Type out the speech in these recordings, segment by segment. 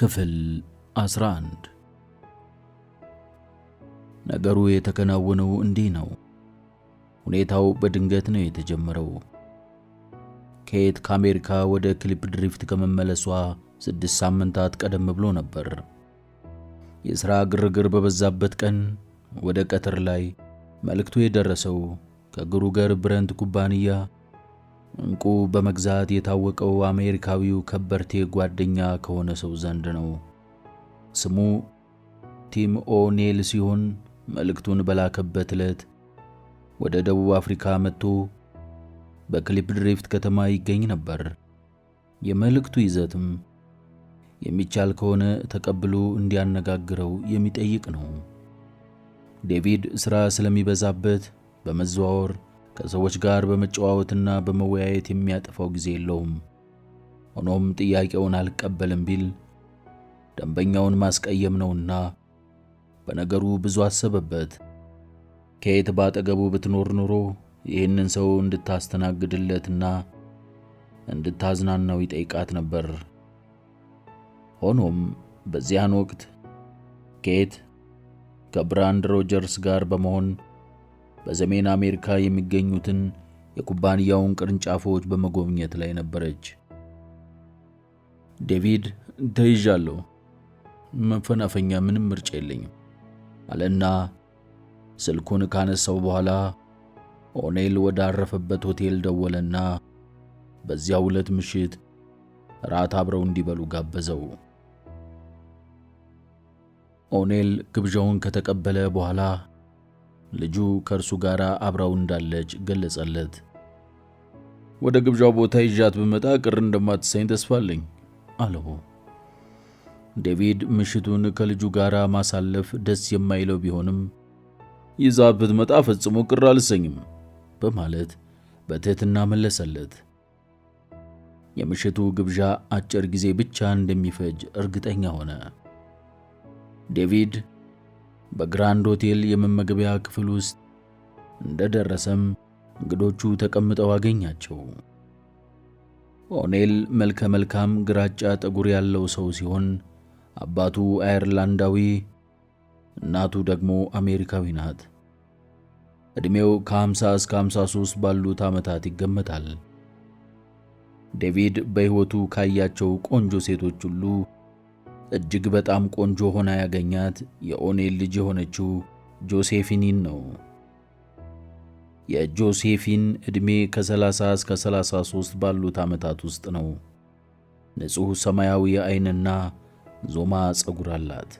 ክፍል 11 ነገሩ የተከናወነው እንዲህ ነው። ሁኔታው በድንገት ነው የተጀመረው። ኬት ከአሜሪካ ወደ ክሊፕ ድሪፍት ከመመለሷ ስድስት ሳምንታት ቀደም ብሎ ነበር። የሥራ ግርግር በበዛበት ቀን ወደ ቀትር ላይ መልእክቱ የደረሰው ከግሩገር ብረንት ኩባንያ እንቁ በመግዛት የታወቀው አሜሪካዊው ከበርቴ ጓደኛ ከሆነ ሰው ዘንድ ነው። ስሙ ቲም ኦኔል ሲሆን መልእክቱን በላከበት ዕለት ወደ ደቡብ አፍሪካ መጥቶ በክሊፕ ድሪፍት ከተማ ይገኝ ነበር። የመልእክቱ ይዘትም የሚቻል ከሆነ ተቀብሎ እንዲያነጋግረው የሚጠይቅ ነው። ዴቪድ ሥራ ስለሚበዛበት በመዘዋወር ከሰዎች ጋር በመጨዋወትና በመወያየት የሚያጠፋው ጊዜ የለውም። ሆኖም ጥያቄውን አልቀበልም ቢል ደንበኛውን ማስቀየም ነውና በነገሩ ብዙ አሰበበት። ከየት ባጠገቡ ብትኖር ኑሮ ይህንን ሰው እንድታስተናግድለትና እንድታዝናናው ይጠይቃት ነበር። ሆኖም በዚያን ወቅት ኬት ከብራንድ ሮጀርስ ጋር በመሆን በሰሜን አሜሪካ የሚገኙትን የኩባንያውን ቅርንጫፎች በመጎብኘት ላይ ነበረች። ዴቪድ ተይዣለሁ፣ መፈናፈኛ ምንም ምርጫ የለኝም አለና ስልኩን ካነሳው በኋላ ኦኔል ወዳረፈበት ሆቴል ደወለና በዚያ ሁለት ምሽት ራት አብረው እንዲበሉ ጋበዘው። ኦኔል ግብዣውን ከተቀበለ በኋላ ልጁ ከእርሱ ጋር አብራው እንዳለች ገለጸለት። ወደ ግብዣው ቦታ ይዣት ብመጣ ቅር እንደማትሰኝ ተስፋ አለኝ አለው። ዴቪድ ምሽቱን ከልጁ ጋር ማሳለፍ ደስ የማይለው ቢሆንም ይዛ ብትመጣ ፈጽሞ ቅር አልሰኝም በማለት በትህትና መለሰለት። የምሽቱ ግብዣ አጭር ጊዜ ብቻ እንደሚፈጅ እርግጠኛ ሆነ። ዴቪድ በግራንድ ሆቴል የመመገቢያ ክፍል ውስጥ እንደደረሰም እንግዶቹ ተቀምጠው አገኛቸው። ኦኔል መልከ መልካም ግራጫ ጠጉር ያለው ሰው ሲሆን አባቱ አየርላንዳዊ፣ እናቱ ደግሞ አሜሪካዊ ናት። ዕድሜው ከ50 እስከ 53 ባሉት ዓመታት ይገመታል። ዴቪድ በሕይወቱ ካያቸው ቆንጆ ሴቶች ሁሉ እጅግ በጣም ቆንጆ ሆና ያገኛት የኦኔል ልጅ የሆነችው ጆሴፊኒን ነው። የጆሴፊን ዕድሜ ከ30 እስከ 33 ባሉት ዓመታት ውስጥ ነው። ንጹሕ ሰማያዊ አይንና ዞማ ጸጉር አላት።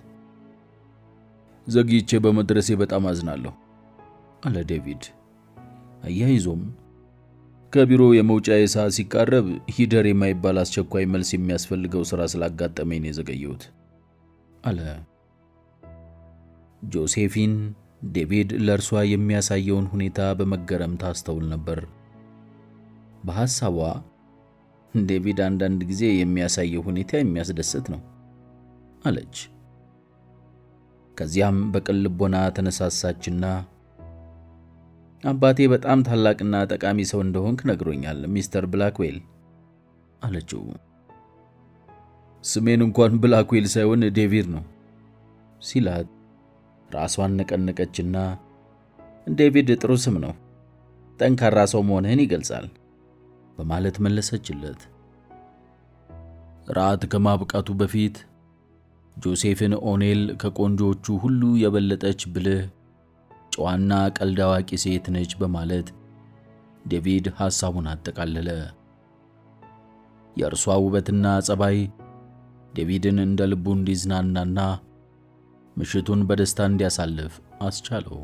ዘግይቼ በመድረሴ በጣም አዝናለሁ አለ ዴቪድ አያይዞም ከቢሮ የመውጫ የሰዓት ሲቃረብ ሂደር የማይባል አስቸኳይ መልስ የሚያስፈልገው ሥራ ስላጋጠመኝ ነው የዘገየሁት አለ። ጆሴፊን ዴቪድ ለእርሷ የሚያሳየውን ሁኔታ በመገረም ታስተውል ነበር። በሐሳቧ ዴቪድ አንዳንድ ጊዜ የሚያሳየው ሁኔታ የሚያስደስት ነው አለች። ከዚያም በቅን ልቦና ተነሳሳችና አባቴ በጣም ታላቅና ጠቃሚ ሰው እንደሆንክ ነግሮኛል ሚስተር ብላክዌል አለችው። ስሜን እንኳን ብላክዌል ሳይሆን ዴቪድ ነው ሲላት ራሷን ነቀነቀችና ዴቪድ ጥሩ ስም ነው፣ ጠንካራ ሰው መሆንህን ይገልጻል በማለት መለሰችለት። ራት ከማብቃቱ በፊት ጆሴፍን ኦኔል ከቆንጆቹ ሁሉ የበለጠች ብልህ ጨዋና ቀልድ አዋቂ ሴት ነች በማለት ዴቪድ ሐሳቡን አጠቃለለ። የእርሷ ውበትና ጸባይ ዴቪድን እንደ ልቡ እንዲዝናናና ምሽቱን በደስታ እንዲያሳልፍ አስቻለው።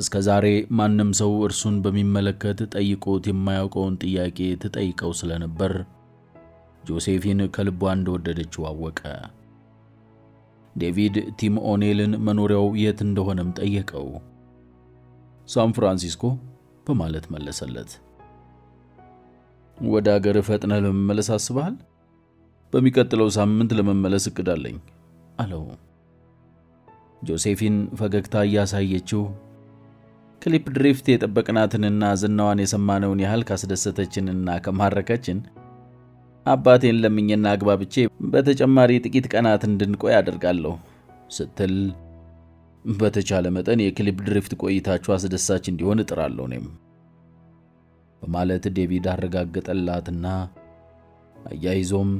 እስከ ዛሬ ማንም ሰው እርሱን በሚመለከት ጠይቆት የማያውቀውን ጥያቄ ትጠይቀው ስለነበር ጆሴፊን ከልቧ እንደወደደችው አወቀ። ዴቪድ ቲም ኦኔልን መኖሪያው የት እንደሆነም ጠየቀው። ሳን ፍራንሲስኮ በማለት መለሰለት። ወደ አገር ፈጥነ ለመመለስ አስበሃል? በሚቀጥለው ሳምንት ለመመለስ እቅድ አለኝ አለው። ጆሴፊን ፈገግታ እያሳየችው ክሊፕ ድሪፍት የጠበቅናትንና ዝናዋን የሰማነውን ያህል ካስደሰተችንና ከማረከችን አባቴን ለምኝና አግባብቼ በተጨማሪ ጥቂት ቀናት እንድንቆይ አደርጋለሁ ስትል በተቻለ መጠን የክሊፕ ድሪፍት ቆይታችሁ አስደሳች እንዲሆን እጥራለሁ እኔም በማለት ዴቪድ አረጋገጠላትና አያይዞም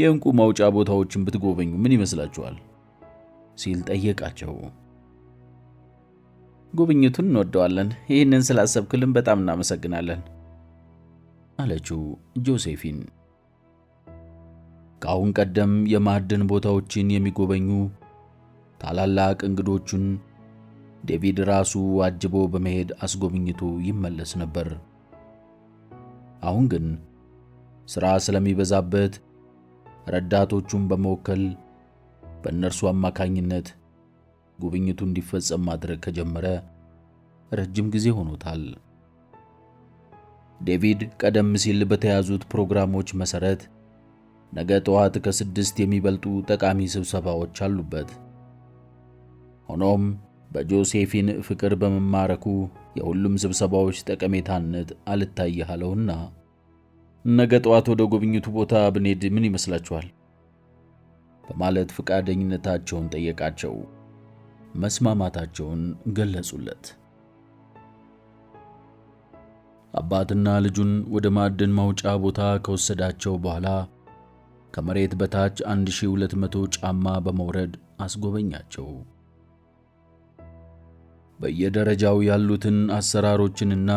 የእንቁ ማውጫ ቦታዎችን ብትጎበኙ ምን ይመስላችኋል? ሲል ጠየቃቸው። ጉብኝቱን እንወደዋለን። ይህንን ስላሰብክልን በጣም እናመሰግናለን አለችው ጆሴፊን። ከአሁን ቀደም የማዕድን ቦታዎችን የሚጎበኙ ታላላቅ እንግዶቹን ዴቪድ ራሱ አጅቦ በመሄድ አስጎብኝቶ ይመለስ ነበር። አሁን ግን ሥራ ስለሚበዛበት ረዳቶቹን በመወከል በእነርሱ አማካኝነት ጉብኝቱ እንዲፈጸም ማድረግ ከጀመረ ረጅም ጊዜ ሆኖታል። ዴቪድ ቀደም ሲል በተያዙት ፕሮግራሞች መሠረት ነገ ጠዋት ከስድስት የሚበልጡ ጠቃሚ ስብሰባዎች አሉበት። ሆኖም በጆሴፊን ፍቅር በመማረኩ የሁሉም ስብሰባዎች ጠቀሜታነት አልታይሃለውና ነገ ጠዋት ወደ ጉብኝቱ ቦታ ብንሄድ ምን ይመስላችኋል? በማለት ፈቃደኝነታቸውን ጠየቃቸው። መስማማታቸውን ገለጹለት። አባትና ልጁን ወደ ማዕድን ማውጫ ቦታ ከወሰዳቸው በኋላ ከመሬት በታች 1200 ጫማ በመውረድ አስጎበኛቸው። በየደረጃው ያሉትን አሰራሮችንና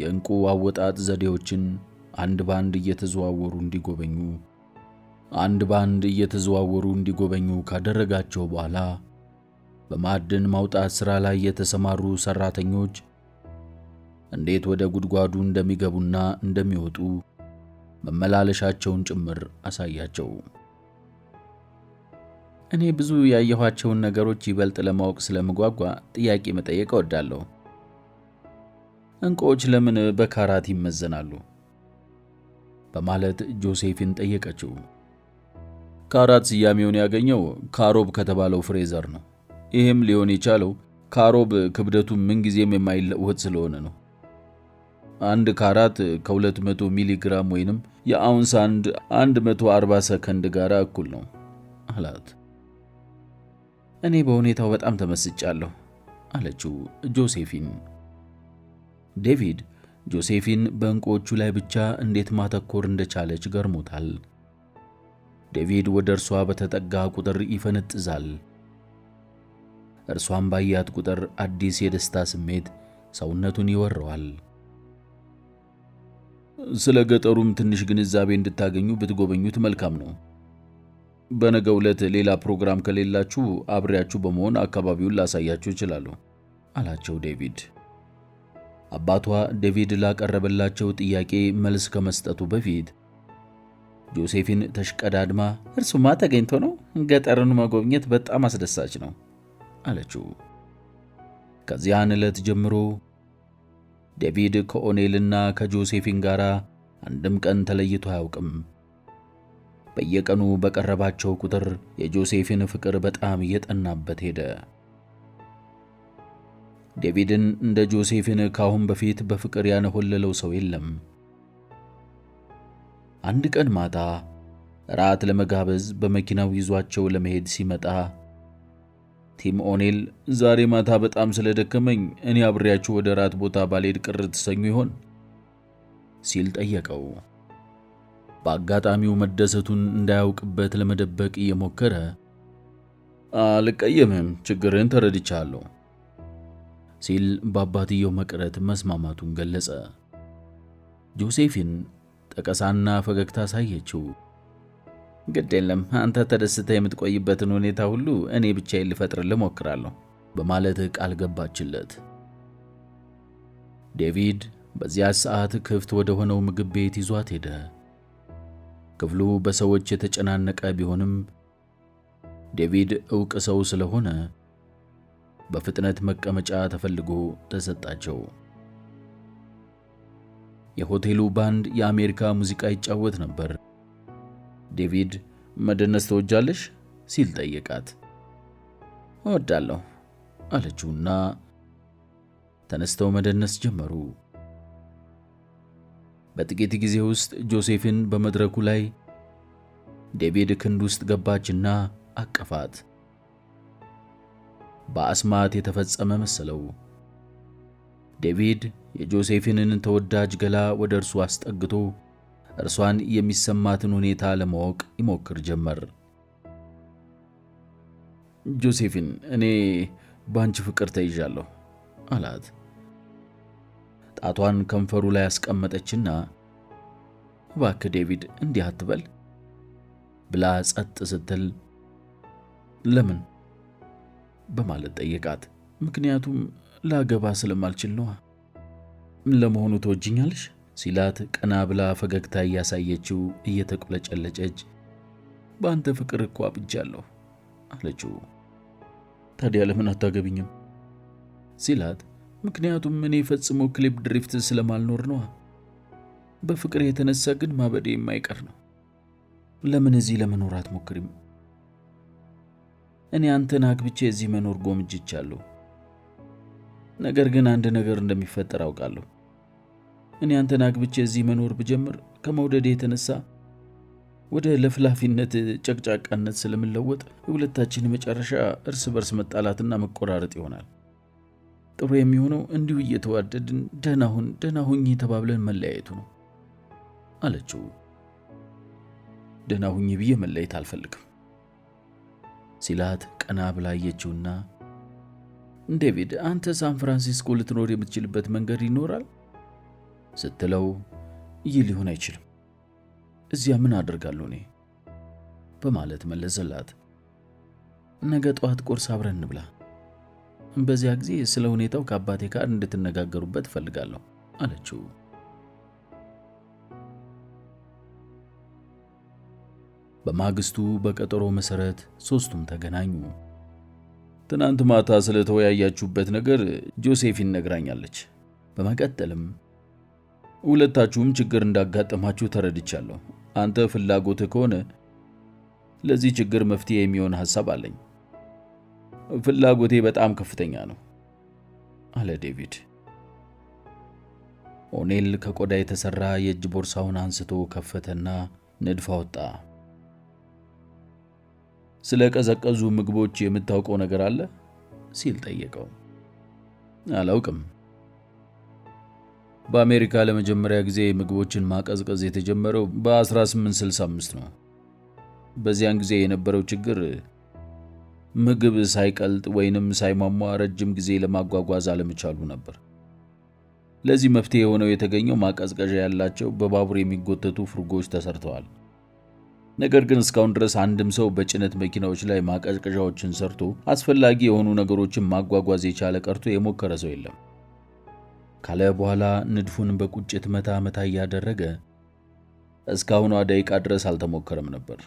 የእንቁ አወጣጥ ዘዴዎችን አንድ ባንድ እየተዘዋወሩ እንዲጎበኙ አንድ ባንድ እየተዘዋወሩ እንዲጎበኙ ካደረጋቸው በኋላ በማዕድን ማውጣት ሥራ ላይ የተሰማሩ ሠራተኞች እንዴት ወደ ጉድጓዱ እንደሚገቡና እንደሚወጡ መመላለሻቸውን ጭምር አሳያቸው። እኔ ብዙ ያየኋቸውን ነገሮች ይበልጥ ለማወቅ ስለምጓጓ ጥያቄ መጠየቅ እወዳለሁ። ዕንቁዎች ለምን በካራት ይመዘናሉ? በማለት ጆሴፊን ጠየቀችው። ካራት ስያሜውን ያገኘው ካሮብ ከተባለው ፍሬዘር ነው። ይህም ሊሆን የቻለው ካሮብ ክብደቱ ምንጊዜም የማይለወጥ ስለሆነ ነው። አንድ ካራት ከ200 ሚሊ ግራም ወይንም የአውንስ አንድ 140 ሰከንድ ጋር እኩል ነው አላት። እኔ በሁኔታው በጣም ተመስጫለሁ አለችው ጆሴፊን። ዴቪድ ጆሴፊን በእንቁዎቹ ላይ ብቻ እንዴት ማተኮር እንደቻለች ገርሞታል። ዴቪድ ወደ እርሷ በተጠጋ ቁጥር ይፈነጥዛል። እርሷን ባያት ቁጥር አዲስ የደስታ ስሜት ሰውነቱን ይወረዋል። ስለ ገጠሩም ትንሽ ግንዛቤ እንድታገኙ ብትጎበኙት መልካም ነው። በነገ ዕለት ሌላ ፕሮግራም ከሌላችሁ አብሬያችሁ በመሆን አካባቢውን ላሳያችሁ ይችላሉ አላቸው ዴቪድ። አባቷ ዴቪድ ላቀረበላቸው ጥያቄ መልስ ከመስጠቱ በፊት ጆሴፊን ተሽቀዳድማ እርሱማ ተገኝቶ ነው፣ ገጠርን መጎብኘት በጣም አስደሳች ነው አለችው። ከዚያን ዕለት ጀምሮ ዴቪድ ከኦኔልና ከጆሴፊን ጋር አንድም ቀን ተለይቶ አያውቅም። በየቀኑ በቀረባቸው ቁጥር የጆሴፊን ፍቅር በጣም እየጠናበት ሄደ። ዴቪድን እንደ ጆሴፊን ካሁን በፊት በፍቅር ያነሆለለው ሰው የለም። አንድ ቀን ማታ ራት ለመጋበዝ በመኪናው ይዟቸው ለመሄድ ሲመጣ ቲም ኦኔል ዛሬ ማታ በጣም ስለደከመኝ እኔ አብሬያችሁ ወደ ራት ቦታ ባልሄድ ቅር ትሰኙ ይሆን ሲል ጠየቀው። በአጋጣሚው መደሰቱን እንዳያውቅበት ለመደበቅ እየሞከረ አልቀየምም ችግርን ተረድቻለሁ ሲል በአባትየው መቅረት መስማማቱን ገለጸ። ጆሴፊን ጠቀሳና ፈገግታ አሳየችው። ግድ የለም አንተ ተደስተ የምትቆይበትን ሁኔታ ሁሉ እኔ ብቻዬን ልፈጥርልህ ሞክራለሁ በማለት ቃል ገባችለት። ዴቪድ በዚያ ሰዓት ክፍት ወደ ሆነው ምግብ ቤት ይዟት ሄደ። ክፍሉ በሰዎች የተጨናነቀ ቢሆንም ዴቪድ ዕውቅ ሰው ስለሆነ በፍጥነት መቀመጫ ተፈልጎ ተሰጣቸው። የሆቴሉ ባንድ የአሜሪካ ሙዚቃ ይጫወት ነበር። ዴቪድ መደነስ ተወጃለሽ ሲል ጠየቃት። እወዳለሁ አለችውና ተነስተው መደነስ ጀመሩ። በጥቂት ጊዜ ውስጥ ጆሴፊን በመድረኩ ላይ ዴቪድ ክንድ ውስጥ ገባችና አቀፋት። በአስማት የተፈጸመ መሰለው። ዴቪድ የጆሴፊንን ተወዳጅ ገላ ወደ እርሱ አስጠግቶ እርሷን የሚሰማትን ሁኔታ ለማወቅ ይሞክር ጀመር። ጆሴፊን፣ እኔ በአንቺ ፍቅር ተይዣለሁ አላት። ጣቷን ከንፈሩ ላይ አስቀመጠችና እባክህ ዴቪድ እንዲህ አትበል ብላ ጸጥ ስትል ለምን በማለት ጠየቃት። ምክንያቱም ላገባ ስለማልችል ነዋ። ለመሆኑ ትወጅኛለሽ? ሲላት ቀና ብላ ፈገግታ እያሳየችው እየተቁለጨለጨች በአንተ ፍቅር እኮ አብጃለሁ አለችው። ታዲያ ለምን አታገብኝም? ሲላት ምክንያቱም እኔ ፈጽሞ ክሊፕ ድሪፍት ስለማልኖር ነዋ። በፍቅር የተነሳ ግን ማበዴ የማይቀር ነው። ለምን እዚህ ለመኖር አትሞክሪም? እኔ አንተን አግብቼ እዚህ መኖር ጎምጅቻለሁ። ነገር ግን አንድ ነገር እንደሚፈጠር አውቃለሁ። እኔ አንተን አግብቼ እዚህ መኖር ብጀምር ከመውደድ የተነሳ ወደ ለፍላፊነት ጨቅጫቃነት ስለምለወጥ የሁለታችን መጨረሻ እርስ በርስ መጣላትና መቆራረጥ ይሆናል። ጥሩ የሚሆነው እንዲሁ እየተዋደድን ደህናሁን ደህናሁኝ ተባብለን መለያየቱ ነው አለችው። ደህናሁኝ ብዬ መለየት አልፈልግም ሲላት ቀና ብላ አየችውና ዴቪድ፣ አንተ ሳን ፍራንሲስኮ ልትኖር የምትችልበት መንገድ ይኖራል ስትለው ይህ ሊሆን አይችልም፣ እዚያ ምን አደርጋለሁ እኔ በማለት መለሰላት። ነገ ጠዋት ቁርስ አብረን እንብላ፣ በዚያ ጊዜ ስለ ሁኔታው ከአባቴ ጋር እንድትነጋገሩበት እፈልጋለሁ አለችው። በማግስቱ በቀጠሮ መሰረት ሶስቱም ተገናኙ። ትናንት ማታ ስለተወያያችሁበት ነገር ጆሴፊን ነግራኛለች በመቀጠልም ሁለታችሁም ችግር እንዳጋጠማችሁ ተረድቻለሁ። አንተ ፍላጎትህ ከሆነ ለዚህ ችግር መፍትሄ የሚሆን ሐሳብ አለኝ። ፍላጎቴ በጣም ከፍተኛ ነው አለ ዴቪድ። ኦኔል ከቆዳ የተሠራ የእጅ ቦርሳውን አንስቶ ከፈተና ንድፍ አወጣ። ስለ ቀዘቀዙ ምግቦች የምታውቀው ነገር አለ ሲል ጠየቀው። አላውቅም በአሜሪካ ለመጀመሪያ ጊዜ ምግቦችን ማቀዝቀዝ የተጀመረው በ1865 ነው። በዚያን ጊዜ የነበረው ችግር ምግብ ሳይቀልጥ ወይንም ሳይሟሟ ረጅም ጊዜ ለማጓጓዝ አለመቻሉ ነበር። ለዚህ መፍትሄ የሆነው የተገኘው ማቀዝቀዣ ያላቸው በባቡር የሚጎተቱ ፍርጎች ተሰርተዋል። ነገር ግን እስካሁን ድረስ አንድም ሰው በጭነት መኪናዎች ላይ ማቀዝቀዣዎችን ሰርቶ አስፈላጊ የሆኑ ነገሮችን ማጓጓዝ የቻለ ቀርቶ የሞከረ ሰው የለም። ካለ በኋላ ንድፉን በቁጭት መታ መታ እያደረገ እስካሁኗ ደቂቃ ድረስ አልተሞከረም ነበር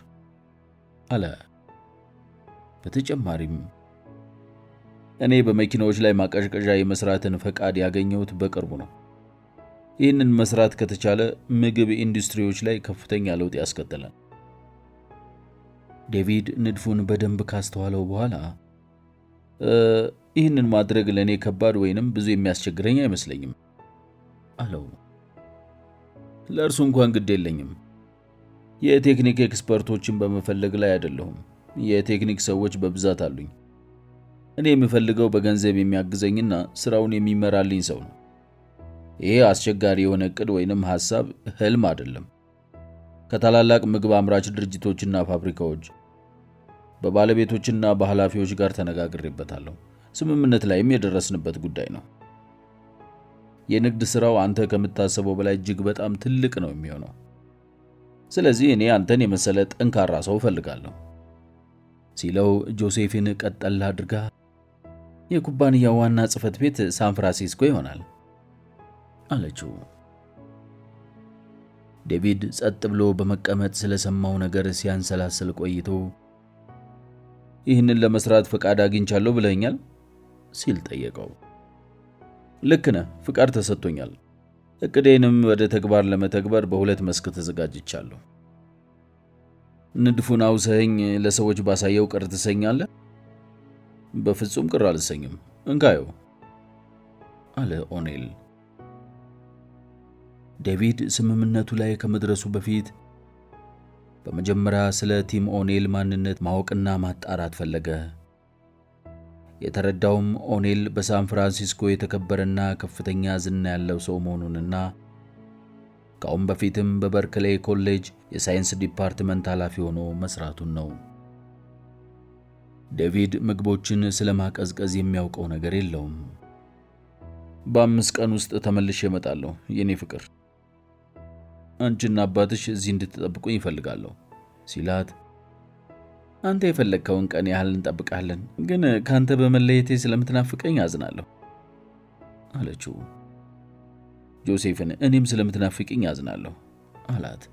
አለ። በተጨማሪም እኔ በመኪናዎች ላይ ማቀዥቀዣ የመስራትን ፈቃድ ያገኘሁት በቅርቡ ነው። ይህንን መስራት ከተቻለ ምግብ ኢንዱስትሪዎች ላይ ከፍተኛ ለውጥ ያስከትላል። ዴቪድ ንድፉን በደንብ ካስተዋለው በኋላ ይህንን ማድረግ ለእኔ ከባድ ወይንም ብዙ የሚያስቸግረኝ አይመስለኝም አለው። ለእርሱ እንኳን ግድ የለኝም። የቴክኒክ ኤክስፐርቶችን በመፈለግ ላይ አይደለሁም። የቴክኒክ ሰዎች በብዛት አሉኝ። እኔ የምፈልገው በገንዘብ የሚያግዘኝና ስራውን የሚመራልኝ ሰው ነው። ይሄ አስቸጋሪ የሆነ እቅድ ወይንም ሐሳብ ህልም አይደለም። ከታላላቅ ምግብ አምራች ድርጅቶችና ፋብሪካዎች በባለቤቶችና በኃላፊዎች ጋር ተነጋግሬበታለሁ። ስምምነት ላይም የደረስንበት ጉዳይ ነው። የንግድ ስራው አንተ ከምታስበው በላይ እጅግ በጣም ትልቅ ነው የሚሆነው። ስለዚህ እኔ አንተን የመሰለ ጠንካራ ሰው እፈልጋለሁ ሲለው ጆሴፊን ቀጠል አድርጋ የኩባንያው ዋና ጽህፈት ቤት ሳን ፍራንሲስኮ ይሆናል አለችው። ዴቪድ ጸጥ ብሎ በመቀመጥ ስለሰማው ነገር ሲያንሰላስል ቆይቶ ይህንን ለመስራት ፈቃድ አግኝቻለሁ ብለኛል ሲል ጠየቀው። ልክ ነህ፣ ፍቃድ ተሰጥቶኛል። እቅዴንም ወደ ተግባር ለመተግበር በሁለት መስክ ተዘጋጅቻለሁ። ንድፉን አውሰኝ ለሰዎች ባሳየው ቅር ትሰኛለህ? በፍጹም ቅር አልሰኝም፣ እንካየው አለ ኦኔል። ዴቪድ ስምምነቱ ላይ ከመድረሱ በፊት በመጀመሪያ ስለ ቲም ኦኔል ማንነት ማወቅና ማጣራት ፈለገ። የተረዳውም ኦኔል በሳን ፍራንሲስኮ የተከበረና ከፍተኛ ዝና ያለው ሰው መሆኑንና ከአሁን በፊትም በበርክሌ ኮሌጅ የሳይንስ ዲፓርትመንት ኃላፊ ሆኖ መስራቱን ነው። ዴቪድ ምግቦችን ስለ ማቀዝቀዝ የሚያውቀው ነገር የለውም። በአምስት ቀን ውስጥ ተመልሼ እመጣለሁ የኔ ፍቅር፣ አንቺና አባትሽ እዚህ እንድትጠብቁኝ ይፈልጋለሁ ሲላት አንተ የፈለግከውን ቀን ያህል እንጠብቃለን፣ ግን ከአንተ በመለየቴ ስለምትናፍቀኝ አዝናለሁ አለችው። ጆሴፍን እኔም ስለምትናፍቅኝ አዝናለሁ አላት።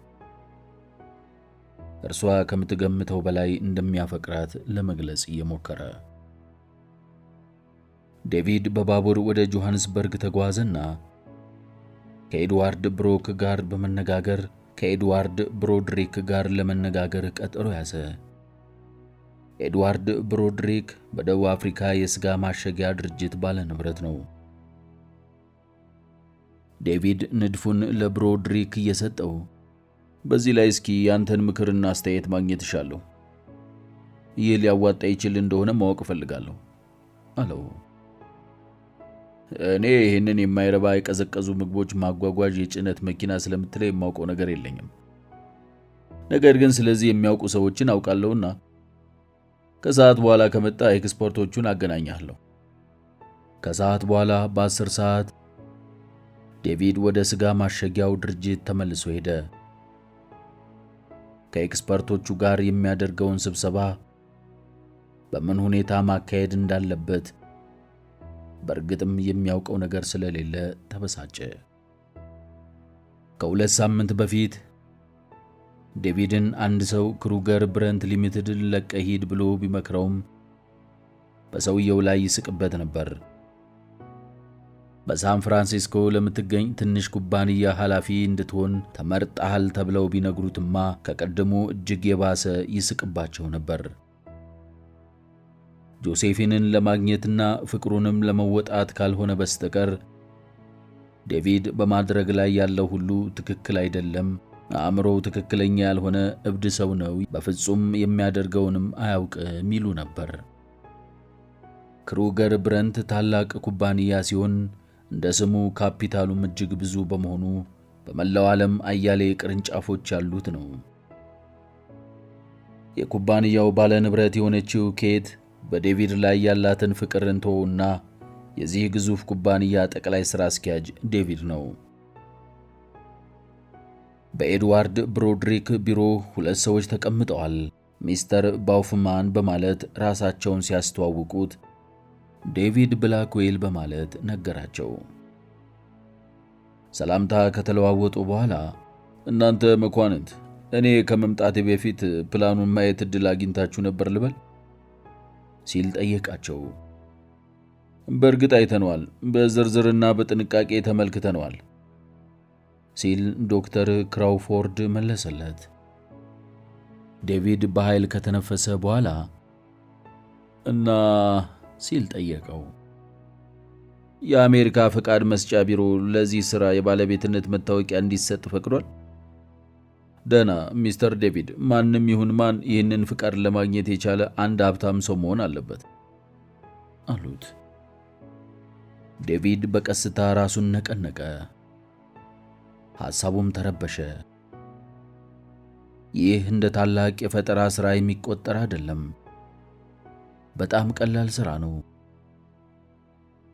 እርሷ ከምትገምተው በላይ እንደሚያፈቅራት ለመግለጽ እየሞከረ ዴቪድ በባቡር ወደ ጆሐንስበርግ ተጓዘና ከኤድዋርድ ብሮክ ጋር በመነጋገር ከኤድዋርድ ብሮድሪክ ጋር ለመነጋገር ቀጠሮ ያዘ። ኤድዋርድ ብሮድሪክ በደቡብ አፍሪካ የሥጋ ማሸጊያ ድርጅት ባለንብረት ነው። ዴቪድ ንድፉን ለብሮድሪክ እየሰጠው፣ በዚህ ላይ እስኪ ያንተን ምክርና አስተያየት ማግኘት እሻለሁ። ይህ ሊያዋጣ ይችል እንደሆነ ማወቅ እፈልጋለሁ አለው። እኔ ይህንን የማይረባ የቀዘቀዙ ምግቦች ማጓጓዥ የጭነት መኪና ስለምትለው የማውቀው ነገር የለኝም። ነገር ግን ስለዚህ የሚያውቁ ሰዎችን አውቃለሁና ከሰዓት በኋላ ከመጣ ኤክስፐርቶቹን አገናኛለሁ። ከሰዓት በኋላ በአስር ሰዓት ዴቪድ ወደ ሥጋ ማሸጊያው ድርጅት ተመልሶ ሄደ። ከኤክስፐርቶቹ ጋር የሚያደርገውን ስብሰባ በምን ሁኔታ ማካሄድ እንዳለበት በእርግጥም የሚያውቀው ነገር ስለሌለ ተበሳጨ። ከሁለት ሳምንት በፊት ዴቪድን አንድ ሰው ክሩገር ብረንት ሊሚትድን ለቀሂድ ሂድ ብሎ ቢመክረውም በሰውየው ላይ ይስቅበት ነበር። በሳን ፍራንሲስኮ ለምትገኝ ትንሽ ኩባንያ ኃላፊ እንድትሆን ተመርጣሃል ተብለው ቢነግሩትማ ከቀድሞ እጅግ የባሰ ይስቅባቸው ነበር። ጆሴፊንን ለማግኘትና ፍቅሩንም ለመወጣት ካልሆነ በስተቀር ዴቪድ በማድረግ ላይ ያለው ሁሉ ትክክል አይደለም አእምሮው ትክክለኛ ያልሆነ እብድ ሰው ነው፣ በፍጹም የሚያደርገውንም አያውቅም ይሉ ነበር። ክሩገር ብረንት ታላቅ ኩባንያ ሲሆን እንደ ስሙ ካፒታሉም እጅግ ብዙ በመሆኑ በመላው ዓለም አያሌ ቅርንጫፎች ያሉት ነው። የኩባንያው ባለ ንብረት የሆነችው ኬት በዴቪድ ላይ ያላትን ፍቅር እና የዚህ ግዙፍ ኩባንያ ጠቅላይ ሥራ አስኪያጅ ዴቪድ ነው። በኤድዋርድ ብሮድሪክ ቢሮ ሁለት ሰዎች ተቀምጠዋል። ሚስተር ባውፍማን በማለት ራሳቸውን ሲያስተዋውቁት ዴቪድ ብላክዌል በማለት ነገራቸው። ሰላምታ ከተለዋወጡ በኋላ እናንተ መኳንንት፣ እኔ ከመምጣቴ በፊት ፕላኑን ማየት እድል አግኝታችሁ ነበር ልበል ሲል ጠየቃቸው። በእርግጥ አይተነዋል፣ በዝርዝርና በጥንቃቄ ተመልክተነዋል ሲል ዶክተር ክራውፎርድ መለሰለት። ዴቪድ በኃይል ከተነፈሰ በኋላ እና ሲል ጠየቀው። የአሜሪካ ፈቃድ መስጫ ቢሮ ለዚህ ሥራ የባለቤትነት መታወቂያ እንዲሰጥ ፈቅዷል። ደና ሚስተር ዴቪድ፣ ማንም ይሁን ማን ይህንን ፍቃድ ለማግኘት የቻለ አንድ ሀብታም ሰው መሆን አለበት አሉት። ዴቪድ በቀስታ ራሱን ነቀነቀ። ሐሳቡም ተረበሸ። ይህ እንደ ታላቅ የፈጠራ ሥራ የሚቆጠር አይደለም። በጣም ቀላል ሥራ ነው።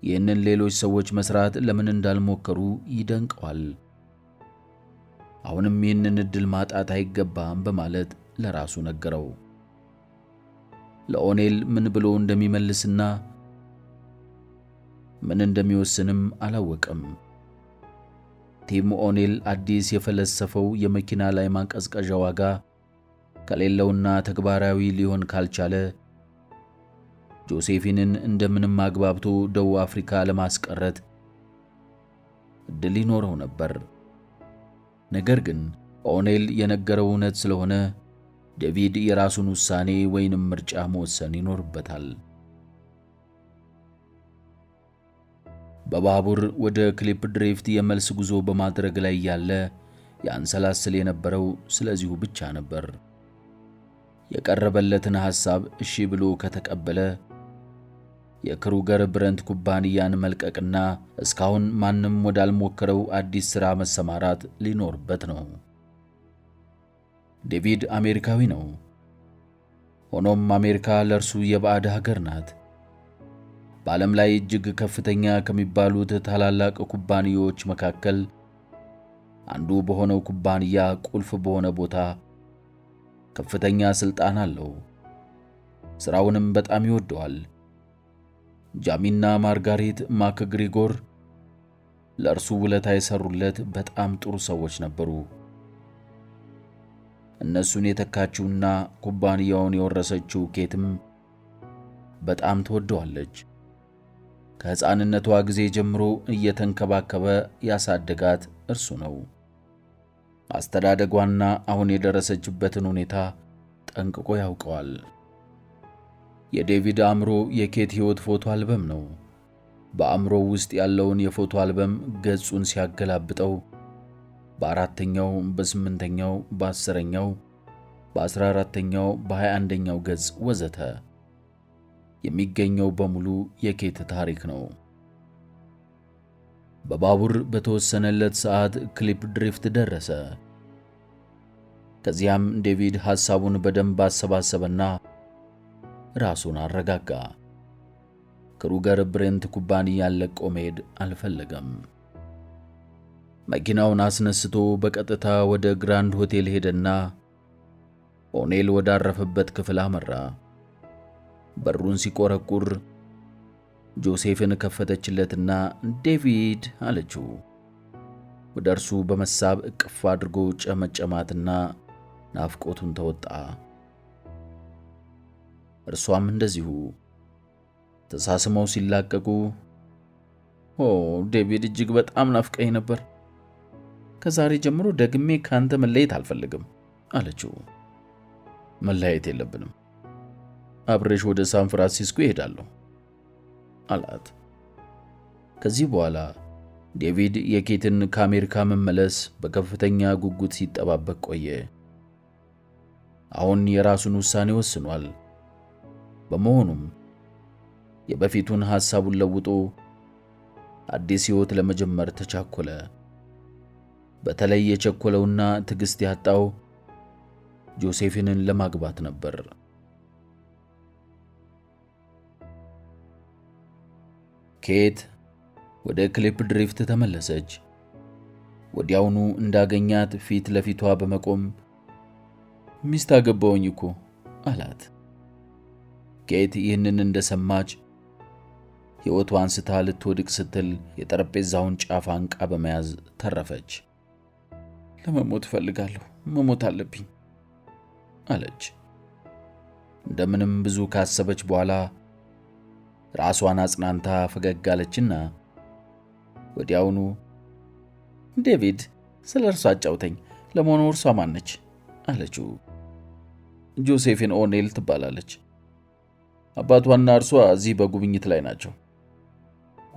ይህንን ሌሎች ሰዎች መስራት ለምን እንዳልሞከሩ ይደንቀዋል። አሁንም ይህንን ዕድል ማጣት አይገባም በማለት ለራሱ ነገረው። ለኦኔል ምን ብሎ እንደሚመልስና ምን እንደሚወስንም አላወቀም። ቲም ኦኔል አዲስ የፈለሰፈው የመኪና ላይ ማቀዝቀዣ ዋጋ ከሌለውና ተግባራዊ ሊሆን ካልቻለ ጆሴፊንን እንደምንም አግባብቶ ደቡብ አፍሪካ ለማስቀረት እድል ይኖረው ነበር። ነገር ግን ኦኔል የነገረው እውነት ስለሆነ ዴቪድ የራሱን ውሳኔ ወይንም ምርጫ መወሰን ይኖርበታል። በባቡር ወደ ክሊፕ ድሪፍት የመልስ ጉዞ በማድረግ ላይ ያለ ያንሰላስል የነበረው ስለዚሁ ብቻ ነበር። የቀረበለትን ሐሳብ እሺ ብሎ ከተቀበለ የክሩገር ብረንት ኩባንያን መልቀቅና እስካሁን ማንም ወዳልሞከረው አዲስ ሥራ መሰማራት ሊኖርበት ነው። ዴቪድ አሜሪካዊ ነው። ሆኖም አሜሪካ ለእርሱ የባዕድ ሀገር ናት። በዓለም ላይ እጅግ ከፍተኛ ከሚባሉት ታላላቅ ኩባንያዎች መካከል አንዱ በሆነው ኩባንያ ቁልፍ በሆነ ቦታ ከፍተኛ ሥልጣን አለው። ሥራውንም በጣም ይወደዋል። ጃሚና ማርጋሪት ማክ ግሪጎር ለእርሱ ውለታ የሠሩለት በጣም ጥሩ ሰዎች ነበሩ። እነሱን የተካችውና ኩባንያውን የወረሰችው ኬትም በጣም ትወደዋለች። ከሕፃንነቷ ጊዜ ጀምሮ እየተንከባከበ ያሳደጋት እርሱ ነው። አስተዳደጓና አሁን የደረሰችበትን ሁኔታ ጠንቅቆ ያውቀዋል። የዴቪድ አእምሮ የኬት ሕይወት ፎቶ አልበም ነው። በአእምሮ ውስጥ ያለውን የፎቶ አልበም ገጹን ሲያገላብጠው በአራተኛው፣ በስምንተኛው፣ በአስረኛው፣ በአስራ አራተኛው፣ በሃያ አንደኛው ገጽ ወዘተ የሚገኘው በሙሉ የኬት ታሪክ ነው። በባቡር በተወሰነለት ሰዓት ክሊፕ ድሪፍት ደረሰ። ከዚያም ዴቪድ ሐሳቡን በደንብ አሰባሰበና ራሱን አረጋጋ። ክሩገር ብሬንት ኩባንያን ለቆ መሄድ አልፈለገም። መኪናውን አስነስቶ በቀጥታ ወደ ግራንድ ሆቴል ሄደና ኦኔል ወዳረፈበት ክፍል አመራ። በሩን ሲቆረቁር ጆሴፍን ከፈተችለትና ዴቪድ አለችው። ወደ እርሱ በመሳብ እቅፍ አድርጎ ጨመጨማትና ናፍቆቱን ተወጣ። እርሷም እንደዚሁ ተሳስመው ሲላቀቁ፣ ኦ ዴቪድ፣ እጅግ በጣም ናፍቀኝ ነበር። ከዛሬ ጀምሮ ደግሜ ካንተ መለየት አልፈልግም አለችው። መለያየት የለብንም አብሬሽ ወደ ሳን ፍራንሲስኮ ይሄዳለሁ አላት። ከዚህ በኋላ ዴቪድ የኬትን ከአሜሪካ መመለስ በከፍተኛ ጉጉት ሲጠባበቅ ቆየ። አሁን የራሱን ውሳኔ ወስኗል። በመሆኑም የበፊቱን ሐሳቡን ለውጦ አዲስ ሕይወት ለመጀመር ተቻኮለ። በተለይ የቸኮለውና ትዕግሥት ያጣው ጆሴፊንን ለማግባት ነበር። ኬት ወደ ክሊፕ ድሪፍት ተመለሰች። ወዲያውኑ እንዳገኛት ፊት ለፊቷ በመቆም ሚስት አገባውኝ እኮ አላት። ኬት ይህንን እንደሰማች ሕይወቷ አንስታ ልትወድቅ ስትል የጠረጴዛውን ጫፍ አንቃ በመያዝ ተረፈች። ለመሞት እፈልጋለሁ፣ መሞት አለብኝ አለች። እንደምንም ብዙ ካሰበች በኋላ ራሷን አጽናንታ ፈገግ አለችና ወዲያውኑ ዴቪድ ስለ እርሷ አጫውተኝ፣ ለመሆኑ እርሷ ማነች? አለችው። ጆሴፊን ኦኔል ትባላለች። አባቷና እርሷ እዚህ በጉብኝት ላይ ናቸው።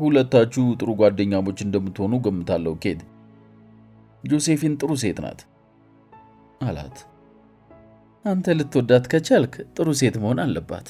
ሁለታችሁ ጥሩ ጓደኛሞች እንደምትሆኑ ገምታለሁ። ኬት ጆሴፊን ጥሩ ሴት ናት አላት። አንተ ልትወዳት ከቻልክ ጥሩ ሴት መሆን አለባት።